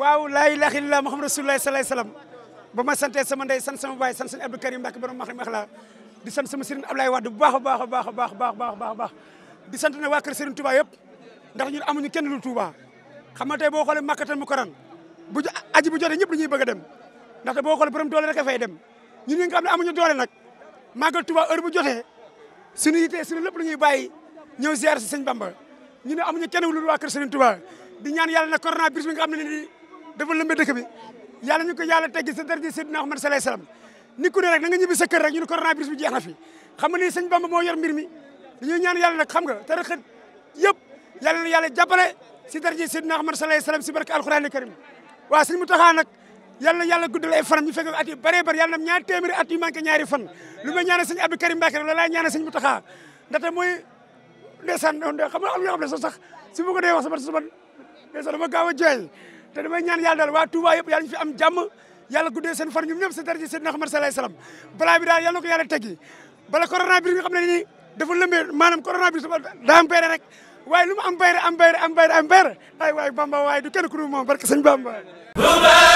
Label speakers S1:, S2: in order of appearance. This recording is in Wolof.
S1: waaw laa ilaaha illallaah Muhammad rasulullah salaay salaam ba ma santee sama ndey sant sama baay sant sëñ Abdou Karim Mbacke borom max la di sant baax a baax a baax a baax baax baax baax di sant na waa kër sëriñ Touba yëpp ndax ñun amuñu kenn lu Touba xam nga tey boo xoolee makkatal mu koran bu aji bu jotee ñëpp dañuy bëgg a dem ndaxte boo xoolee borom doole rek a fay dem ñun ñi nga xam ne amuñu doole nag màggal Touba heure bu jotee suñu yitee suñu lépp lu ñuy bàyyi ñëw ziar si sëñ Bamba ñu ne amuñu kenn lu waa kër sëriñ Touba di ñaan yàlla na coronavirus bi nga xam ne dafa lëmbe dëkk bi yàlla ñu ko yàlla teggi sa darji Seydina Muhammad sallallahu alayhi wasallam ni ku ne rek na nga ñibbi sa kër rek ñu ne coronavirus bi jeex na fi xam nga ni sëñ Bamba moo yor mbir mi dañuy ñaan yàlla nag xam nga te rëqët yëpp yàlla na yàlla jàppale si darji Seydina Muhammad sallallahu alayhi wasallam si barke alquran al karim waaw sëñ Mountakha nag yàlla yàlla guddal ay fanam ñu fekk at yu bëree bëri yàlla nam ñaari téeméeri at yu manqué ñaari fan lu may ñaanal sëñ Abdou Karim Mbacke rek loolaa ñaanal sëñ Mountakha ndaxte mooy ndeysaan xam nga am yoo xam sax su ma ko dee wax sama sama ndeysaan dama gaaw a te damay ñaan yàlla daal waa Touba yëpp yàlla ñu fi am jàmm yàlla guddee seen far ñoom ñëpp sa daraja Seydina Muhammad sallallahu alayhi wasallam bi daal yàlla na ko yàlla teggi bala corona bi nga xam ne nii dafa lëmbee maanaam corona bi daa am bayre rek waaye lu am bayre am bayre am bayre am bayre ay waay Bamba waaye du kenn ku dul moom barke Bamba